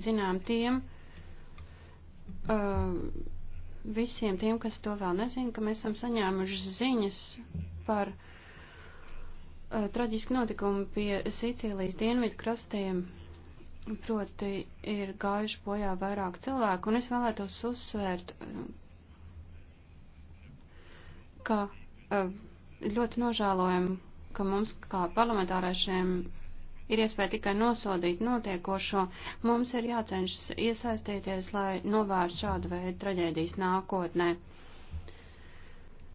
zinām tiem, uh, visiem tiem, kas to vēl nezina, ka mēs esam saņēmuši ziņas par uh, traģisku notikumu pie Sīcijas dienvidu krastiem. Proti ir gājuši bojā vairāk cilvēku, un es vēlētos uzsvērt, uh, ka uh, ļoti nožēlojam, ka mums kā parlamentāriešiem ir iespēja tikai nosodīt notiekošo, mums ir jācenšas iesaistīties, lai novērstu šādu veidu traģēdijas nākotnē.